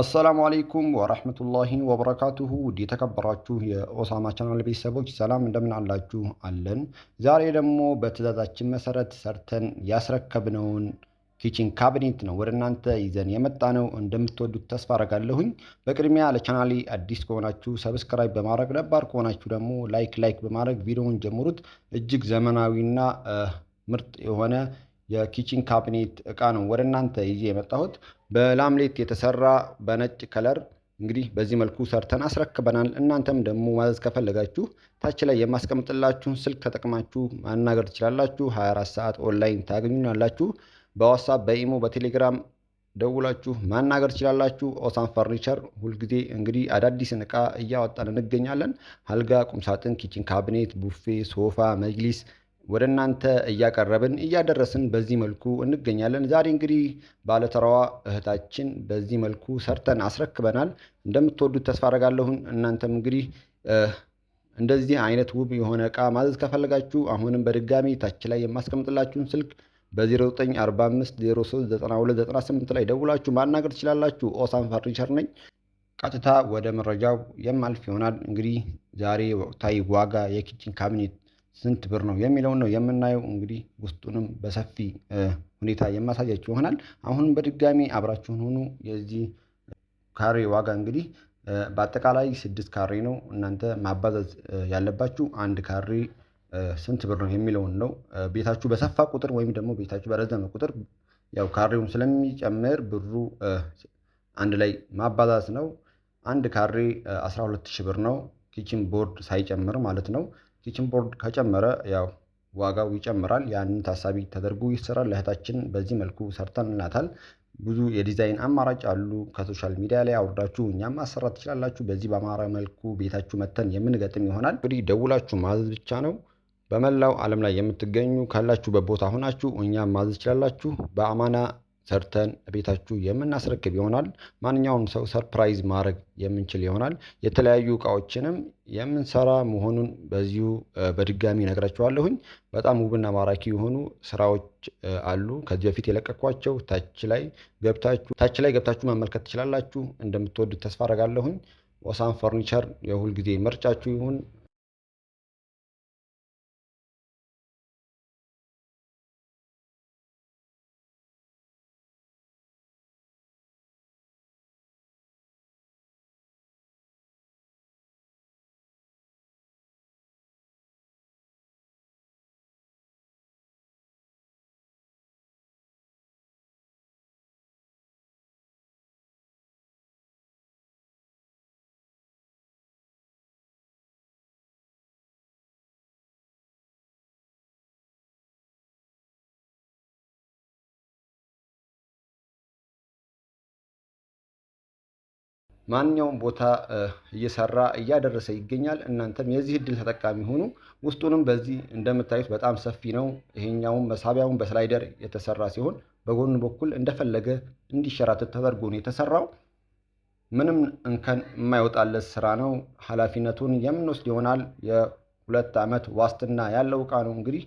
አሰላሙ አሌይኩም ወረህመቱላሂ ወበረካቱሁ ውድ የተከበራችሁ የኦሳማ ቻናል ቤተሰቦች ሰላም እንደምን አላችሁ? አለን። ዛሬ ደግሞ በትዕዛዛችን መሰረት ሰርተን ያስረከብነውን ኪችን ካቢኔት ነው ወደ እናንተ ይዘን የመጣ ነው። እንደምትወዱት ተስፋ አረጋለሁኝ። በቅድሚያ ለቻናሊ አዲስ ከሆናችሁ ሰብስክራይብ በማድረግ ነባር ከሆናችሁ ደግሞ ላይክ ላይክ በማድረግ ቪዲዮውን ጀምሩት። እጅግ ዘመናዊና ምርጥ የሆነ የኪችን ካቢኔት እቃ ነው ወደ እናንተ ይዤ የመጣሁት። በላምሌት የተሰራ በነጭ ከለር እንግዲህ በዚህ መልኩ ሰርተን አስረክበናል። እናንተም ደግሞ ማዘዝ ከፈለጋችሁ ታች ላይ የማስቀምጥላችሁን ስልክ ተጠቅማችሁ ማናገር ትችላላችሁ። 24 ሰዓት ኦንላይን ታገኙናላችሁ። በዋትሳፕ በኢሞ በቴሌግራም ደውላችሁ ማናገር ትችላላችሁ። ኦሳን ፈርኒቸር ሁልጊዜ እንግዲህ አዳዲስን እቃ እያወጣን እንገኛለን። አልጋ፣ ቁምሳጥን፣ ኪችን ካቢኔት፣ ቡፌ፣ ሶፋ፣ መጅሊስ ወደ እናንተ እያቀረብን እያደረስን በዚህ መልኩ እንገኛለን። ዛሬ እንግዲህ ባለተራዋ እህታችን በዚህ መልኩ ሰርተን አስረክበናል። እንደምትወዱት ተስፋ አደርጋለሁን። እናንተም እንግዲህ እንደዚህ አይነት ውብ የሆነ እቃ ማዘዝ ከፈለጋችሁ አሁንም በድጋሚ ታች ላይ የማስቀምጥላችሁን ስልክ በ0945039298 ላይ ደውላችሁ ማናገር ትችላላችሁ። ኦሳን ፈርኒቸር ነኝ። ቀጥታ ወደ መረጃው የማልፍ ይሆናል። እንግዲህ ዛሬ ወቅታዊ ዋጋ የኪችን ካቢኔት ስንት ብር ነው የሚለውን ነው የምናየው። እንግዲህ ውስጡንም በሰፊ ሁኔታ የማሳያችሁ ይሆናል። አሁንም በድጋሚ አብራችሁን ሁኑ። የዚህ ካሬ ዋጋ እንግዲህ በአጠቃላይ ስድስት ካሬ ነው። እናንተ ማባዛት ያለባችሁ አንድ ካሬ ስንት ብር ነው የሚለውን ነው። ቤታችሁ በሰፋ ቁጥር ወይም ደግሞ ቤታችሁ በረዘመ ቁጥር ያው ካሬውን ስለሚጨምር ብሩ አንድ ላይ ማባዛት ነው። አንድ ካሬ 12 ሺህ ብር ነው ኪችን ቦርድ ሳይጨምር ማለት ነው። ኪችን ቦርድ ከጨመረ ያው ዋጋው ይጨምራል። ያንን ታሳቢ ተደርጎ ይሰራል። ለእህታችን በዚህ መልኩ ሰርተንላታል። ብዙ የዲዛይን አማራጭ አሉ። ከሶሻል ሚዲያ ላይ አውርዳችሁ እኛም ማሰራት ትችላላችሁ። በዚህ በአማረ መልኩ ቤታችሁ መተን የምንገጥም ይሆናል። እንግዲህ ደውላችሁ ማዘዝ ብቻ ነው። በመላው ዓለም ላይ የምትገኙ ካላችሁበት ቦታ ሆናችሁ እኛም ማዘዝ ትችላላችሁ። በአማና ሰርተን ቤታችሁ የምናስረክብ ይሆናል። ማንኛውም ሰው ሰርፕራይዝ ማድረግ የምንችል ይሆናል። የተለያዩ እቃዎችንም የምንሰራ መሆኑን በዚሁ በድጋሚ ነግራችኋለሁኝ። በጣም ውብና ማራኪ የሆኑ ስራዎች አሉ። ከዚህ በፊት የለቀኳቸው ታች ላይ ገብታችሁ ታች ላይ ገብታችሁ መመልከት ትችላላችሁ። እንደምትወዱት ተስፋ አረጋለሁኝ። ወሳን ፈርኒቸር የሁልጊዜ ምርጫችሁ ይሁን። ማንኛውም ቦታ እየሰራ እያደረሰ ይገኛል። እናንተም የዚህ እድል ተጠቃሚ ሆኑ። ውስጡንም በዚህ እንደምታዩት በጣም ሰፊ ነው። ይሄኛውም መሳቢያውን በስላይደር የተሰራ ሲሆን በጎን በኩል እንደፈለገ እንዲሸራትት ተደርጎ ነው የተሰራው። ምንም እንከን የማይወጣለት ስራ ነው። ኃላፊነቱን የምንወስድ ይሆናል። የሁለት ዓመት ዋስትና ያለው እቃ ነው እንግዲህ